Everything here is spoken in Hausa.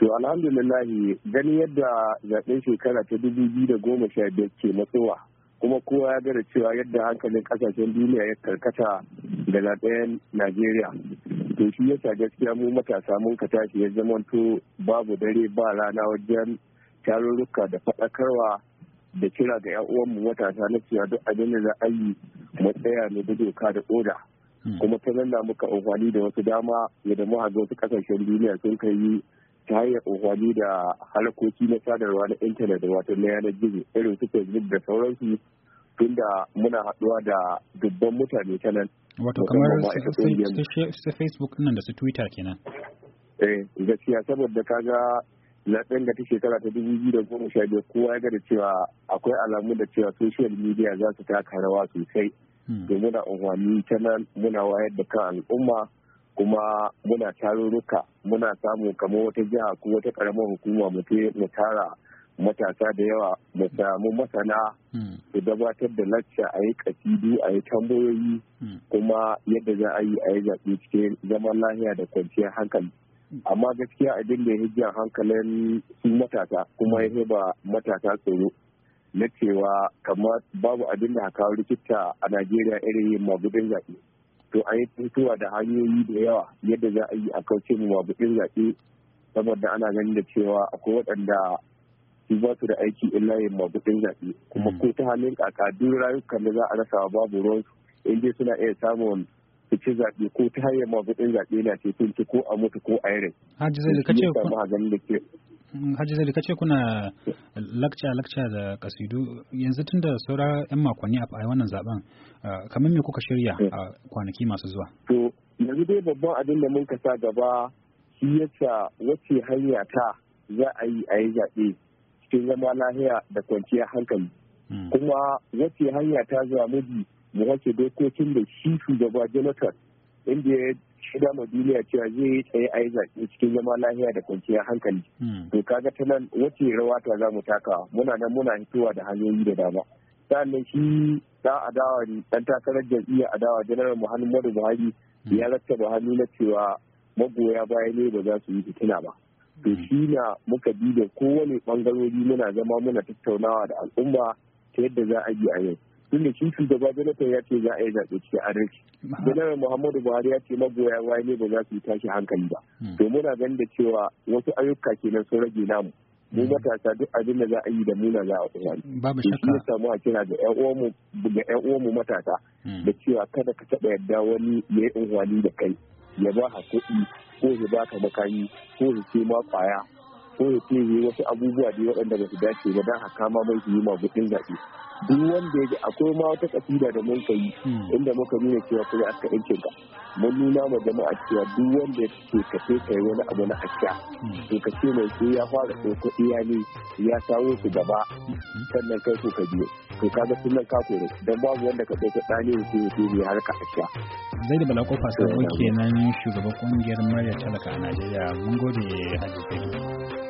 To alhamdulillahi gani yadda zaɓen shekara ta dubu biyu da goma sha biyar ke matsowa kuma kowa ya gara cewa yadda hankalin kasashen duniya ya karkata da zaɓen Najeriya. To shi ya sa gaskiya mu matasa mun ka tashi ya zamanto babu dare ba rana wajen tarurruka da faɗakarwa da kira ga 'yan uwanmu matasa na cewa duk abin da za a yi mu tsaya ne da doka da oda. Hmm. kuma ta nan muka amfani da wasu dama yadda mu ga wasu kasashen duniya sun kai ta hanyar amfani da harkoki na sadarwa na intanet wato na yanar gizo irin su facebook da sauransu tunda muna haɗuwa da dubban mutane ta nan wato kamar su facebook nan da su twitter kenan eh gaskiya saboda kaga na ɗanga ta shekara ta dubu biyu da goma sha biyar kowa ya ga da cewa akwai alamu da cewa social media za su taka rawa sosai domin hmm. a unguwanni ta nan muna wayar da kan al'umma kuma muna tarurruka muna samu kamar wata jiha ko wata karamar hukuma mu tara matasa da yawa mu samu masana hmm. su gabatar da lacca a yi kasidu a yi tambayoyi hmm. kuma yadda za a yi a yi zaɓe cikin zaman lahiya da kwanciyar hankali hmm. amma gaskiya abin da ya hankalin matasa kuma ya heba matasa tsoro na cewa kamar babu abin da haka rikita a najeriya irin yin magudin zaɓe to a yi fitowa da hanyoyi da yawa yadda za a yi a kauce mu mabuɗin zaɓe saboda ana ganin da cewa akwai waɗanda su ba su da aiki in layin mabuɗin zaɓe kuma hmm. ko ta halin kaka duk rayukan da za a rasa babu ruwan in dai suna iya samun fice zaɓe ko ta hanyar mabuɗin zaɓe na ce tun ko a mutu ko a yare. Hajji zai ce Mm, Hajji Zari kace kuna lakca lakca da kasidu yanzu tun da saura yan makonni a wannan zaben kamar me kuka shirya a kwanaki masu zuwa. To yanzu dai babban abin da mun kasa gaba shi yasa wacce hanya ta za a yi a yi zaɓe cikin zama lahiya da kwanciyar hankali. Mm. Kuma wace hanya ta zuwa miji mu wace dokokin da shi shugaba Jonathan inda ya shiga ma duniya cewa zai yi tsaye a yi zaɓe cikin zama lahiya da kwanciyar hankali. Hmm. To kaga ta nan wace rawa ta za mu taka muna nan muna hitowa da hanyoyi da dama. Sa'annan shi da adawa ɗan takarar jam'iyyar adawa janar Muhammadu Buhari hmm. ya rasta da hannu na cewa magoya baya ne ba za su yi fitina ba. To hmm. shi na muka bi da kowane ɓangarori muna zama muna tattaunawa da al'umma ta yadda za a yi a yau. tun da shi shugaba jonathan ya ce za a yi zaɓe cikin adalci janar muhammadu buhari ya ce magoya waye ne ba za su yi tashi hankali ba hmm. to muna ganin da cewa wasu ayyuka kenan sun rage namu mu hmm. matasa duk abin da za a yi da muna za a kusa babu shakka ya samu a kira ga ƴan uwanmu ga ƴan uwanmu matasa hmm. da cewa kada ka taɓa yadda wani ya yi da kai ya ba ka kuɗi ko ya ba ka makami ko ya ce ma ƙwaya ko ya ce wasu abubuwa da waɗanda ba su dace ba don haka ma mai su yi magudin zaɓe duk wanda ya akwai ma wata kasida da mun kai hmm. inda muka nuna cewa kuma aka yanke ka mun nuna ma jama'a cewa duk wanda ke kace kai wani abu na aka hmm. to kace mai sai ya fara ɗauko ne ya kawo su gaba hmm. sannan kai ko ka biyo to kaga sunan ka kore dan babu wanda ka ɗauko ɗani ya ce ya har ka aka zai da bala kofa mun kenan shugaban kungiyar murya talaka a najeriya mun gode